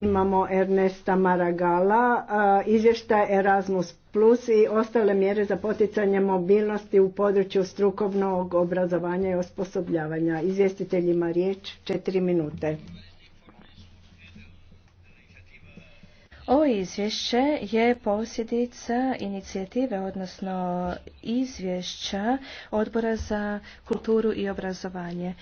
Imamo Ernesta Maragala, izvještaj Erasmus Plus i ostale mjere za poticanje mobilnosti u području strukovnog obrazovanja i osposobljavanja. Izvjestiteljima riječ, četiri minute. Ovo izvješće je posljedica inicijative, odnosno izvješća Odbora za kulturu i obrazovanje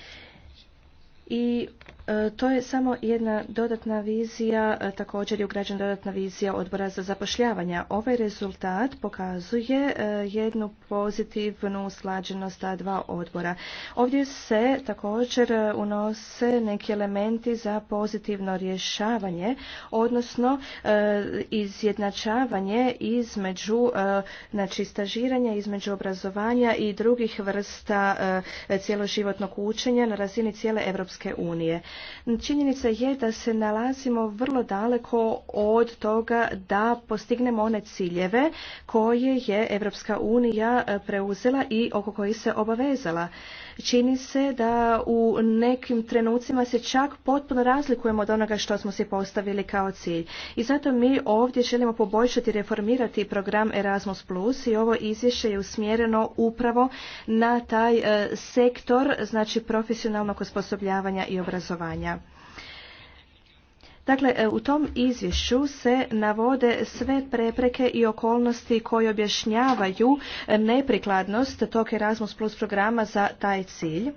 i e, to je samo jedna dodatna vizija, e, također je ugrađena dodatna vizija odbora za zapošljavanja. Ovaj rezultat pokazuje e, jednu pozitivnu slađenost ta dva odbora. Ovdje se također unose neki elementi za pozitivno rješavanje, odnosno izjednačavanje između znači, stažiranja, između obrazovanja i drugih vrsta cjeloživotnog učenja na razini cijele EU. Europske unije. Činjenica je da se nalazimo vrlo daleko od toga da postignemo one ciljeve koje je Europska unija preuzela i oko kojih se obavezala. Čini se da u nekim trenucima se čak potpuno razlikujemo od onoga što smo si postavili kao cilj. I zato mi ovdje želimo poboljšati i reformirati program Erasmus i ovo izvješće je usmjereno upravo na taj e, sektor, znači profesionalnog osposobljavanja i obrazovanja. Dakle, e, u tom izvješću se navode sve prepreke i okolnosti koje objašnjavaju e, neprikladnost tog Erasmus Plus programa za taj cilj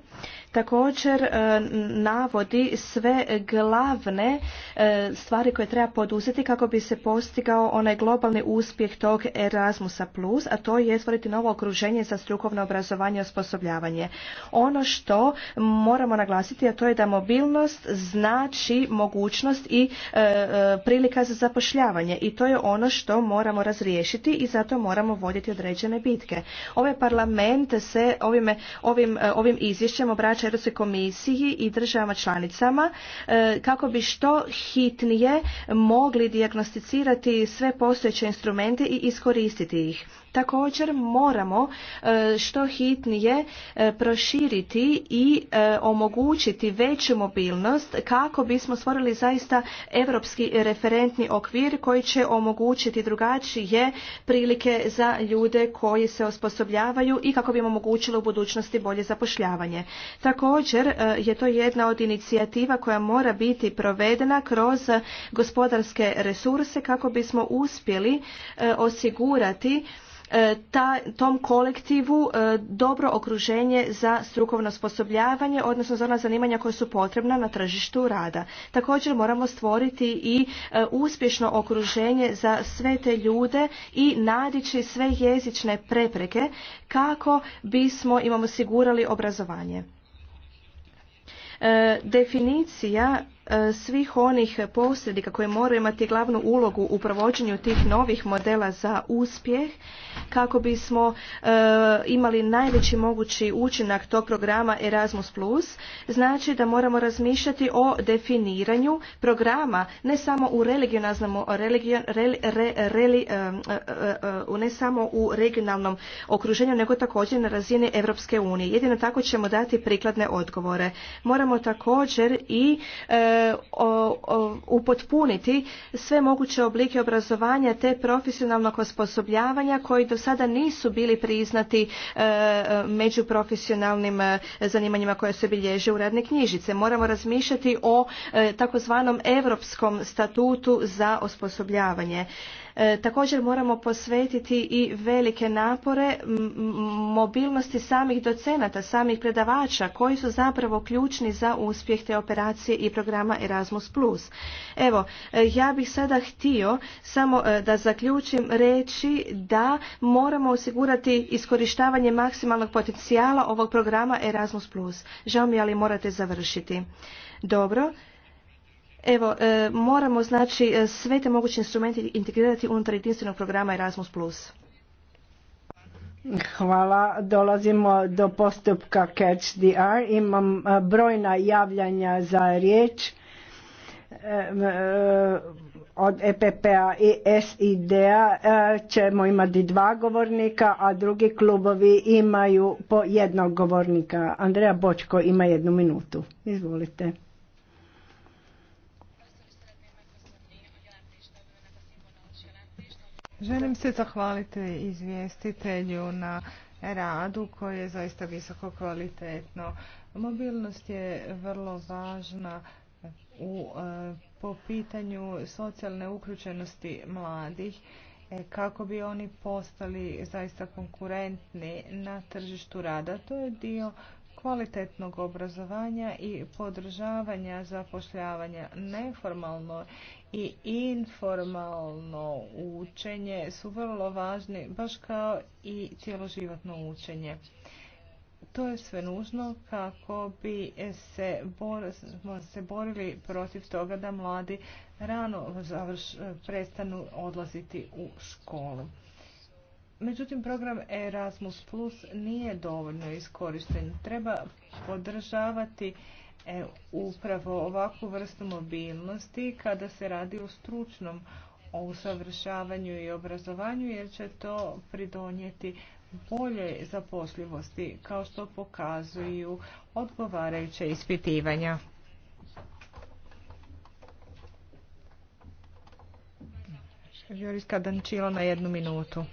također e, navodi sve glavne e, stvari koje treba poduzeti kako bi se postigao onaj globalni uspjeh tog Erasmusa+, a to je stvoriti novo okruženje za strukovno obrazovanje i osposobljavanje. Ono što moramo naglasiti, a to je da mobilnost znači mogućnost i e, prilika za zapošljavanje i to je ono što moramo razriješiti i zato moramo voditi određene bitke. Ovaj parlament se ovim, ovim izvješćem obraća pomoć Europskoj komisiji i državama članicama e, kako bi što hitnije mogli dijagnosticirati sve postojeće instrumente i iskoristiti ih. Također moramo e, što hitnije e, proširiti i e, omogućiti veću mobilnost kako bismo stvorili zaista europski referentni okvir koji će omogućiti drugačije prilike za ljude koji se osposobljavaju i kako bi im omogućilo u budućnosti bolje zapošljavanje. Također je to jedna od inicijativa koja mora biti provedena kroz gospodarske resurse kako bismo uspjeli osigurati E, tom kolektivu e, dobro okruženje za strukovno osposobljavanje, odnosno za ona zanimanja koja su potrebna na tržištu rada. Također moramo stvoriti i e, uspješno okruženje za sve te ljude i nadići sve jezične prepreke kako bismo im osigurali obrazovanje. Definicija E, svih onih posrednika koje moraju imati glavnu ulogu u provođenju tih novih modela za uspjeh kako bismo e, imali najveći mogući učinak tog programa Erasmus+, znači da moramo razmišljati o definiranju programa ne samo u regionalnom e, ne samo u regionalnom okruženju nego također na razini Europske unije. Jedino tako ćemo dati prikladne odgovore. Moramo također i upotpuniti sve moguće oblike obrazovanja te profesionalnog osposobljavanja koji do sada nisu bili priznati e, među profesionalnim e, zanimanjima koja se bilježe u radne knjižice. Moramo razmišljati o e, takozvanom europskom statutu za osposobljavanje. E, također moramo posvetiti i velike napore mobilnosti samih docenata, samih predavača koji su zapravo ključni za uspjeh te operacije i programa Erasmus+. Evo, e, ja bih sada htio samo e, da zaključim reći da moramo osigurati iskorištavanje maksimalnog potencijala ovog programa Erasmus+. Žao mi, je ali morate završiti. Dobro, Evo, e, moramo znači e, sve te moguće instrumente integrirati unutar jedinstvenog programa Erasmus+. Hvala. Dolazimo do postupka Catch the Eye. Imam e, brojna javljanja za riječ od EPP-a i SID-a ćemo imati dva govornika, a drugi klubovi imaju po jednog govornika. Andreja Bočko ima jednu minutu. Izvolite. Želim se zahvaliti izvjestitelju na radu koji je zaista visoko kvalitetno. Mobilnost je vrlo važna u, e, po pitanju socijalne uključenosti mladih e, kako bi oni postali zaista konkurentni na tržištu rada. To je dio kvalitetnog obrazovanja i podržavanja zapošljavanja neformalno i informalno učenje su vrlo važni baš kao i cjeloživotno učenje. To je sve nužno kako bi se, se borili protiv toga da mladi rano prestanu odlaziti u školu. Međutim, program Erasmus Plus nije dovoljno iskorišten. Treba podržavati e, upravo ovakvu vrstu mobilnosti kada se radi o stručnom usavršavanju i obrazovanju jer će to pridonijeti bolje zaposljivosti kao što pokazuju odgovarajuće ispitivanja. Joris Kadančilo na jednu minutu.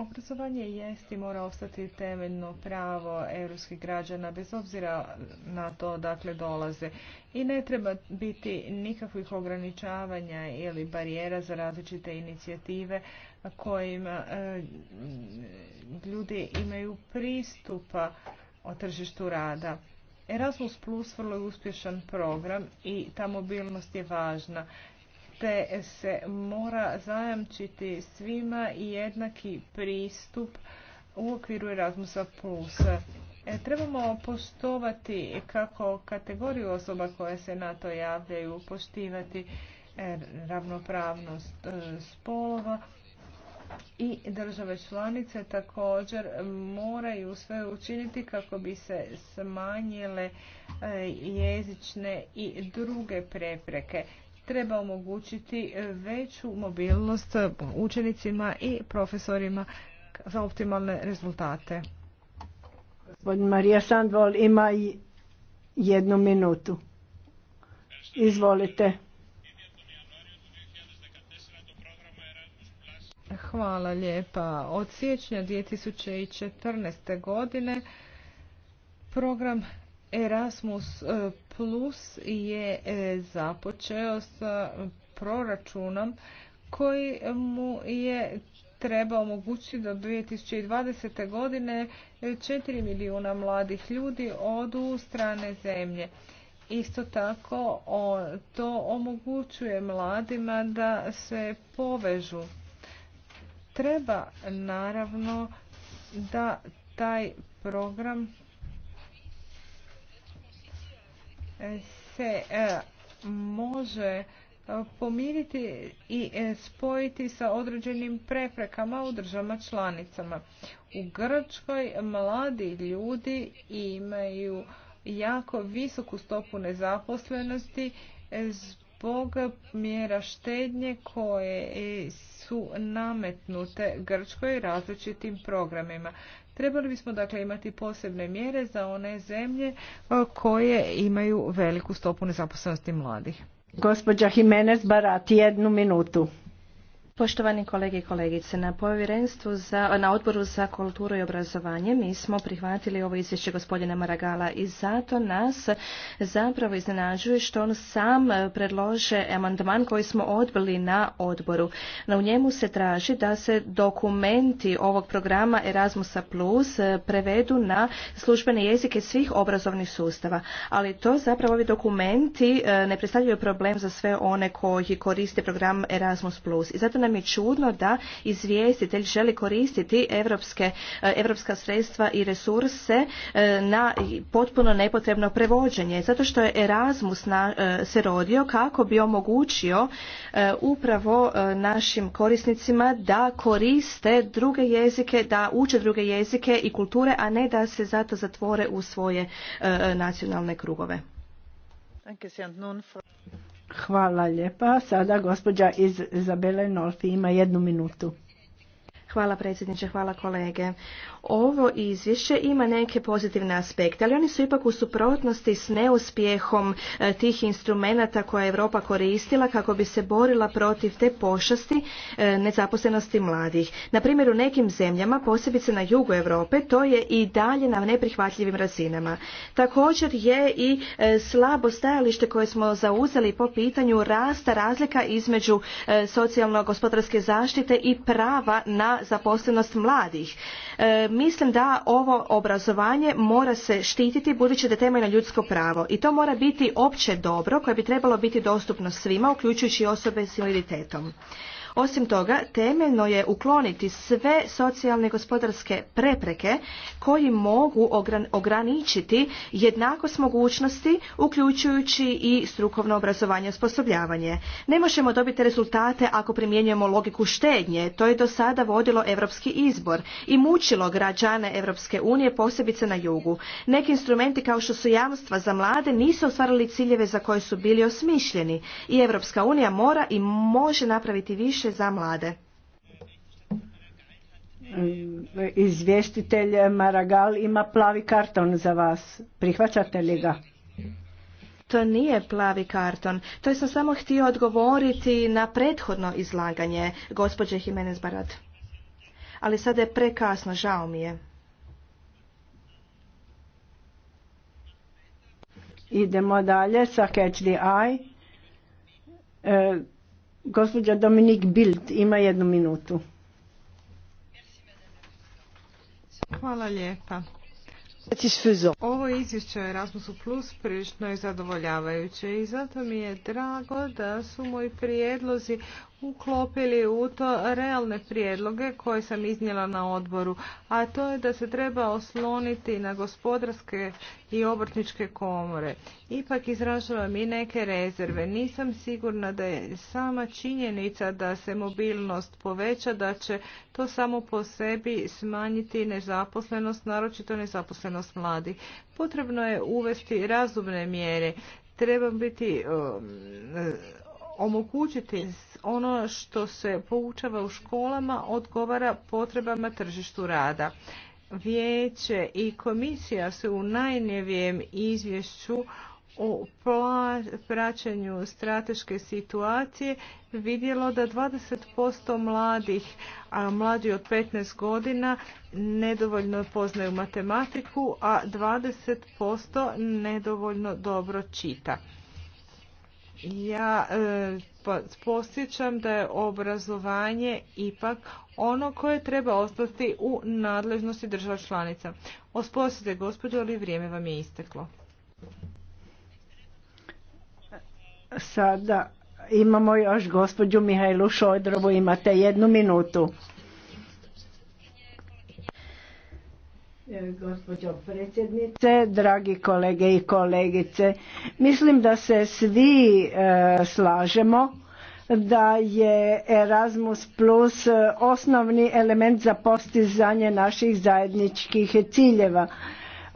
Obrazovanje jest i mora ostati temeljno pravo europskih građana bez obzira na to dakle dolaze i ne treba biti nikakvih ograničavanja ili barijera za različite inicijative kojima e, ljudi imaju pristupa o tržištu rada. Erasmus Plus vrlo je uspješan program i ta mobilnost je važna te se mora zajamčiti svima jednaki pristup u okviru Erasmusa+. E, trebamo poštovati kako kategoriju osoba koje se na to javljaju, poštivati e, ravnopravnost e, spolova i države članice također moraju sve učiniti kako bi se smanjile jezične i druge prepreke treba omogućiti e, veću mobilnost e, učenicima i profesorima za optimalne rezultate. Gospodin Marija Sandvol ima i jednu minutu. Izvolite. Hvala lijepa. Od siječnja 2014. godine program Erasmus e, Plus je e, započeo sa proračunom koji mu je treba omogućiti da 2020. godine 4 e, milijuna mladih ljudi odu u strane zemlje. Isto tako to omogućuje mladima da se povežu. Treba naravno da taj program se e, može e, pomiriti i e, spojiti sa određenim preprekama u državama članicama. U Grčkoj mladi ljudi imaju jako visoku stopu nezaposlenosti zbog mjera štednje koje su nametnute Grčkoj različitim programima. Trebali bismo dakle imati posebne mjere za one zemlje e, koje imaju veliku stopu nezaposlenosti mladih. Gospođa Jimenez Barati, jednu minutu. Poštovani kolege i kolegice, na povjerenstvu za, na odboru za kulturu i obrazovanje mi smo prihvatili ovo izvješće gospodina Maragala i zato nas zapravo iznenađuje što on sam predlože amandman koji smo odbili na odboru. Na u njemu se traži da se dokumenti ovog programa Erasmusa Plus prevedu na službene jezike svih obrazovnih sustava, ali to zapravo ovi dokumenti eh, ne predstavljaju problem za sve one koji koriste program Erasmus Plus. I zato nam mi je čudno da izvijestitelj želi koristiti evropske, e, evropska sredstva i resurse e, na potpuno nepotrebno prevođenje. Zato što je Erasmus na, e, se rodio kako bi omogućio upravo našim korisnicima da koriste druge jezike, da uče druge jezike i kulture, a ne da se zato zatvore u svoje nacionalne krugove. Hvala lijepa. Sada gospođa iz Izabele Nolfi ima jednu minutu. Hvala predsjedniče, hvala kolege. Ovo izvješće ima neke pozitivne aspekte, ali oni su ipak u suprotnosti s neuspjehom e, tih instrumenata koje je Europa koristila kako bi se borila protiv te pošasti e, nezaposlenosti mladih. Na primjer, u nekim zemljama, posebice na jugu Europe, to je i dalje na neprihvatljivim razinama. Također je i e, slabo stajalište koje smo zauzeli po pitanju rasta razlika između socijalno-gospodarske zaštite i prava na zaposlenost mladih. E, mislim da ovo obrazovanje mora se štititi budući da je temeljno ljudsko pravo i to mora biti opće dobro koje bi trebalo biti dostupno svima uključujući osobe s invaliditetom. Osim toga, temeljno je ukloniti sve socijalne i gospodarske prepreke koji mogu ograničiti jednakost mogućnosti, uključujući i strukovno obrazovanje i osposobljavanje. Ne možemo dobiti rezultate ako primjenjujemo logiku štednje. To je do sada vodilo europski izbor i mučilo građane Europske unije, posebice na jugu. Neki instrumenti kao što su jamstva za mlade nisu ostvarili ciljeve za koje su bili osmišljeni i Europska unija mora i može napraviti više više za mlade. Izvjestitelj Maragal ima plavi karton za vas. Prihvaćate li ga? To nije plavi karton. To sam samo htio odgovoriti na prethodno izlaganje gospođe Jimenez Barad. Ali sada je prekasno, žao mi je. Idemo dalje sa Catch e, Gospođa Dominik Bild ima jednu minutu. Hvala lijepa. Ovo izvješće Erasmusu Plus prilično i zadovoljavajuće i zato mi je drago da su moji prijedlozi uklopili u to realne prijedloge koje sam iznijela na odboru, a to je da se treba osloniti na gospodarske i obrtničke komore. Ipak izražavam i neke rezerve. Nisam sigurna da je sama činjenica da se mobilnost poveća, da će to samo po sebi smanjiti nezaposlenost, naročito nezaposlenost mladih. Potrebno je uvesti razumne mjere. Treba biti um, omogućiti ono što se poučava u školama odgovara potrebama tržištu rada. Vijeće i komisija su u najnjevijem izvješću o praćenju strateške situacije vidjelo da 20% mladih, a mlađi od 15 godina, nedovoljno poznaju matematiku, a 20% nedovoljno dobro čita ja e, posjećam da je obrazovanje ipak ono koje treba ostati u nadležnosti država članica. Osposite gospođo, ali vrijeme vam je isteklo. Sada imamo još gospođu Mihajlu Šojdrovu, imate jednu minutu. gospođo predsjednice, dragi kolege i kolegice. Mislim da se svi e, slažemo da je Erasmus Plus osnovni element za postizanje naših zajedničkih ciljeva.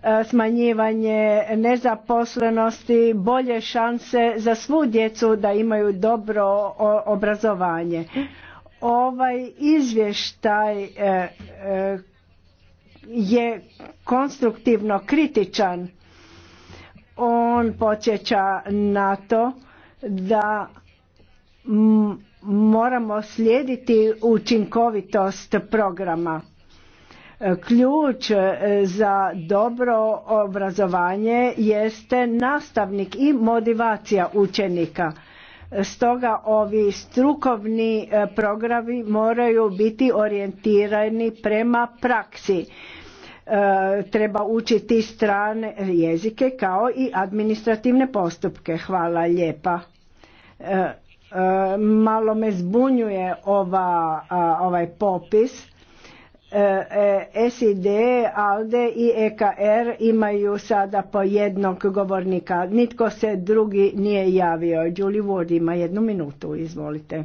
E, smanjivanje nezaposlenosti, bolje šanse za svu djecu da imaju dobro obrazovanje. Ovaj izvještaj e, je konstruktivno kritičan. On počeća na to da moramo slijediti učinkovitost programa. Ključ e, za dobro obrazovanje jeste nastavnik i motivacija učenika Stoga ovi strukovni e, programi moraju biti orijentirani prema praksi. E, treba učiti strane jezike kao i administrativne postupke. Hvala lijepa. E, malo me zbunjuje ovaj popis SID, ALDE e, i EKR imaju sada po jednog govornika. Nitko se drugi nije javio. Julie Ward ima jednu minutu, izvolite.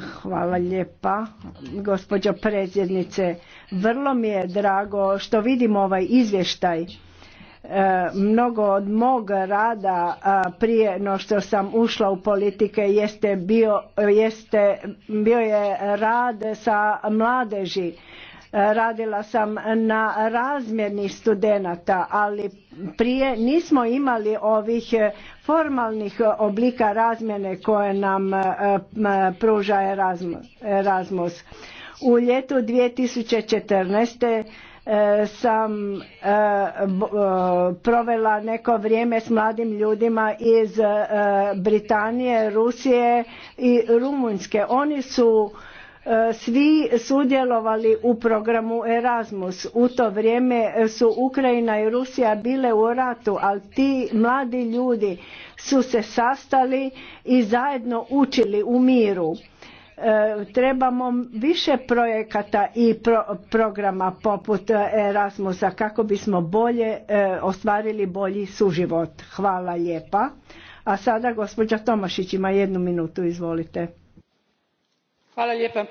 Hvala lijepa, gospođo predsjednice. Vrlo mi je drago što vidim ovaj izvještaj E, mnogo od mog rada prije no što sam ušla u politike jeste bio, jeste, bio je rad sa mladeži. E, radila sam na razmjeni studenata, ali prije nismo imali ovih e, formalnih oblika razmjene koje nam pruža Erasmus. U ljetu 2014 E, sam e, e, provela neko vrijeme s mladim ljudima iz Britanije, Rusije i Rumunjske. Oni su svi sudjelovali u programu Erasmus. U to vrijeme su Ukrajina i Rusija bile u ratu, ali ti mladi ljudi su se sastali i zajedno učili u miru E, trebamo više projekata i programa poput e, Erasmusa kako bismo bolje e, ostvarili bolji suživot. Hvala lijepa. A sada gospođa Tomašić ima jednu minutu, izvolite. Hvala lijepa.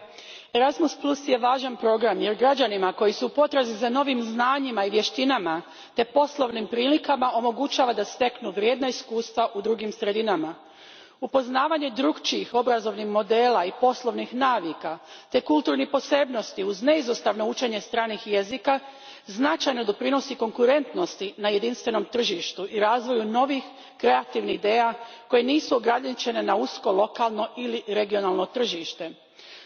Erasmus Plus je važan program jer građanima koji su u potrazi za novim znanjima i vještinama te poslovnim prilikama omogućava da steknu vrijedna iskustva u drugim sredinama upoznavanje drukčijih obrazovnih modela i poslovnih navika te kulturnih posebnosti uz neizostavno učenje stranih jezika značajno doprinosi konkurentnosti na jedinstvenom tržištu i razvoju novih kreativnih ideja koje nisu ograničene na usko lokalno ili regionalno tržište.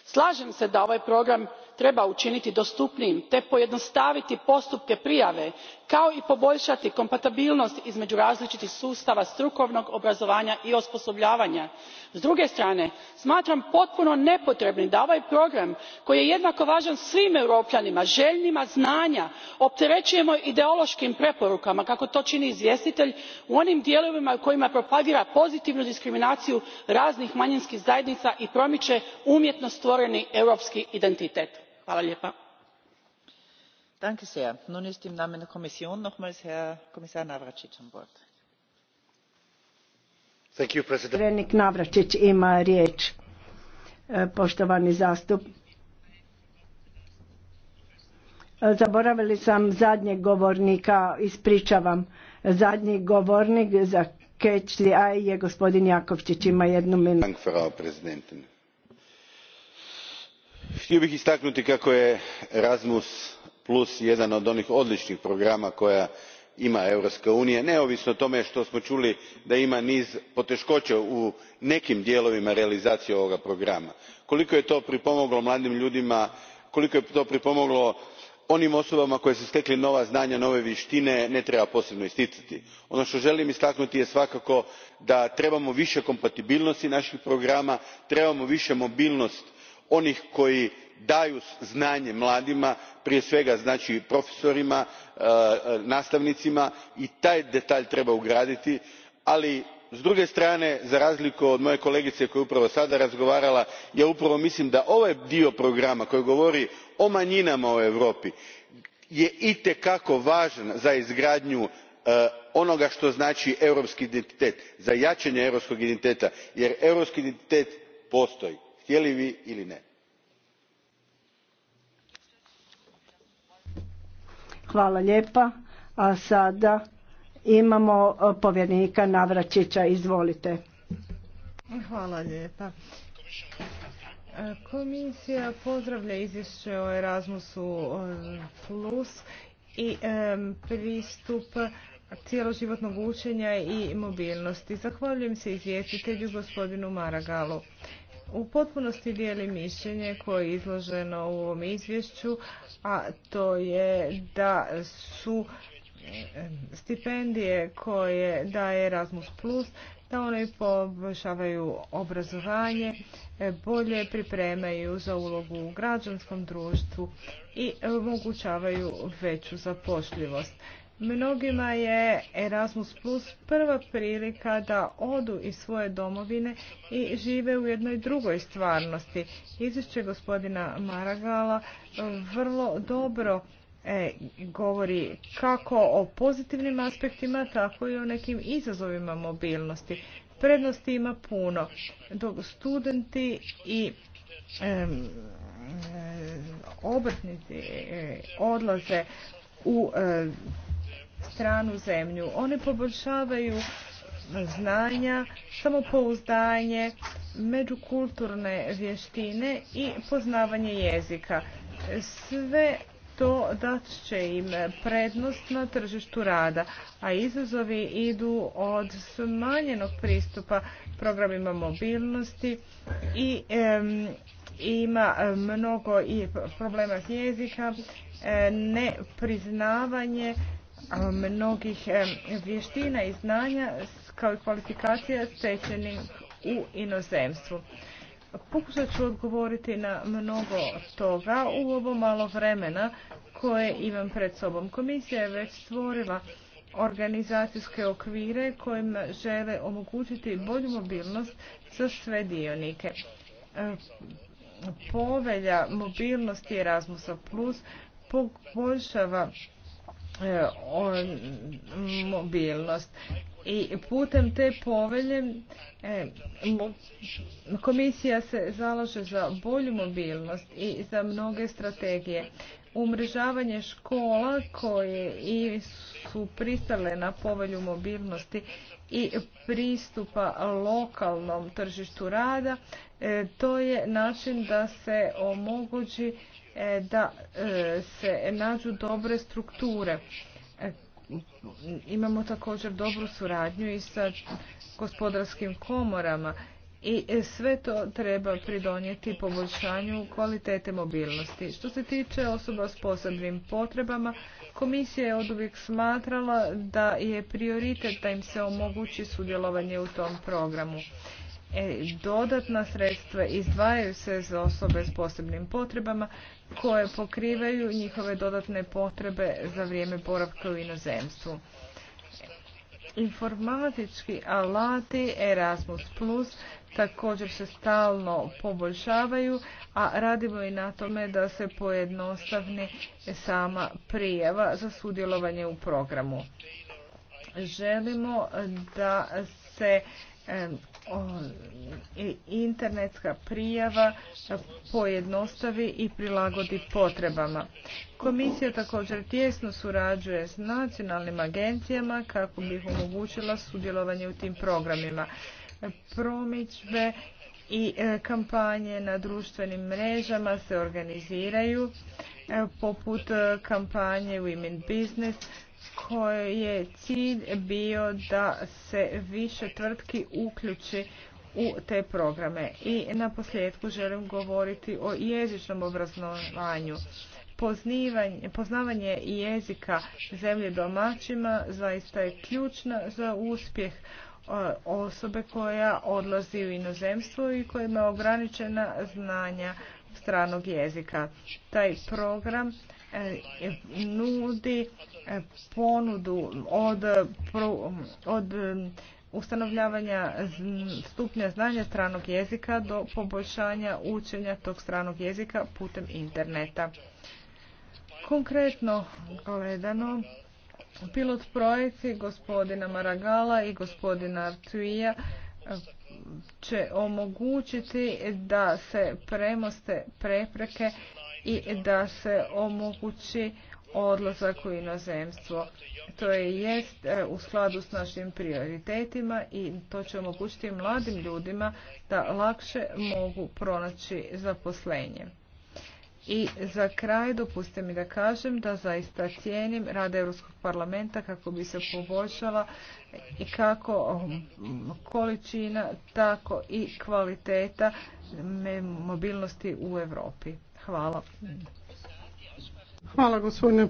slažem se da ovaj program treba učiniti dostupnijim te pojednostaviti postupke prijave kao i poboljšati kompatibilnost između različitih sustava strukovnog obrazovanja i osposobljavanja. s druge strane smatram potpuno nepotrebnim da ovaj program koji je jednako važan svim europljanima željnima znanja opterećujemo ideološkim preporukama kako to čini izvjestitelj u onim dijelovima u kojima propagira pozitivnu diskriminaciju raznih manjinskih zajednica i promiče umjetno stvoreni europski identitet gospodine predsjedniče povjerenik navračić ima riječ. E, poštovani zastupnici e, zaboravila sam zadnjeg govornika ispričavam. zadnji govornik za catch a i je gospodin jakovčić ima jednu minutu htio bih istaknuti kako je erasmus jedan od onih odličnih programa koje ima europska unija neovisno o tome što smo čuli da ima niz poteškoća u nekim dijelovima realizacije ovoga programa. koliko je to pripomoglo mladim ljudima koliko je to pripomoglo onim osobama koje su stekle nova znanja nove vještine ne treba posebno isticati. ono što želim istaknuti je svakako da trebamo više kompatibilnosti naših programa trebamo više mobilnost onih koji daju znanje mladima prije svega znači profesorima e, nastavnicima i taj detalj treba ugraditi ali s druge strane za razliku od moje kolegice koja je upravo sada razgovarala ja upravo mislim da ovaj dio programa koji govori o manjinama u europi je itekako važan za izgradnju e, onoga što znači europski identitet za jačanje europskog identiteta jer europski identitet postoji htjeli vi ili ne. Hvala lijepa. A sada imamo Navračića. Izvolite. Hvala lijepa. Komisija pozdravlja izvješće o Erasmusu Plus i pristup cjeloživotnog učenja i mobilnosti. Zahvaljujem se izvjestitelju gospodinu Maragalu. U potpunosti dijeli mišljenje koje je izloženo u ovom izvješću, a to je da su stipendije koje daje Erasmus Plus, da one poboljšavaju obrazovanje, e, bolje pripremaju za ulogu u građanskom društvu i e, omogućavaju veću zapošljivost. Mnogima je Erasmus Plus prva prilika da odu iz svoje domovine i žive u jednoj drugoj stvarnosti. Izvješće gospodina Maragala e, vrlo dobro e, govori kako o pozitivnim aspektima, tako i o nekim izazovima mobilnosti. Prednosti ima puno, dok studenti i e, obrtnici odlaze u stranu zemlju. One poboljšavaju znanja, samopouzdanje, međukulturne vještine i poznavanje jezika. Sve to dat će im prednost na tržištu rada, a izazovi idu od smanjenog pristupa programima mobilnosti i ima mnogo i problema jezika, e, nepriznavanje mnogih vještina i znanja kao i kvalifikacija stečenih u inozemstvu. Pokušat ću odgovoriti na mnogo toga u ovo malo vremena koje imam pred sobom. Komisija je već stvorila organizacijske okvire kojim žele omogućiti bolju mobilnost za sve dionike. E, povelja mobilnosti Erasmusa Plus poboljšava E, mobilnost. I putem te povelje e, komisija se zalaže za bolju mobilnost i za mnoge strategije. Umrežavanje škola koje su pristale na povelju mobilnosti i pristupa lokalnom tržištu rada, e, to je način da se omogući E, da e, se nađu dobre strukture. E, imamo također dobru suradnju i sa gospodarskim komorama i sve to treba pridonijeti poboljšanju kvalitete mobilnosti. Što se tiče osoba s posebnim potrebama, komisija je od uvijek smatrala da je prioritet da im se omogući sudjelovanje u tom programu. E, dodatna sredstva izdvajaju se za osobe s posebnim potrebama koje pokrivaju njihove dodatne potrebe za vrijeme boravka u inozemstvu. Informatički alati Erasmus Plus također se stalno poboljšavaju, a radimo i na tome da se pojednostavni sama prijava za sudjelovanje u programu. Želimo da se internetska prijava pojednostavi i prilagodi potrebama. Komisija također tjesno surađuje s nacionalnim agencijama kako bi ih omogućila sudjelovanje u tim programima. Promičbe i e, kampanje na društvenim mrežama se organiziraju poput e, kampanje Women Business koje je cilj bio da se više tvrtki uključi u te programe. I na posljedku želim govoriti o jezičnom obrazovanju. Poznavanje jezika zemlje domaćima zaista je ključna za uspjeh e, osobe koja odlazi u inozemstvo i koja ima ograničena znanja stranog jezika. Taj program eh, nudi eh, ponudu od, mm, ustanovljavanja stupnja znanja stranog jezika do poboljšanja učenja tog stranog jezika putem interneta. Konkretno gledano, pilot projekti gospodina Maragala i gospodina Artuija eh, će omogućiti da se premoste prepreke i da se omogući odlazak u inozemstvo. To je jest e, u skladu s našim prioritetima i to će omogućiti mladim ljudima da lakše mogu pronaći zaposlenje. I za kraj dopustite mi da kažem da zaista cijenim rad Europskog parlamenta kako bi se poboljšala i kako um, količina, tako i kvaliteta mobilnosti u Europi. Hvala. Hvala gospodine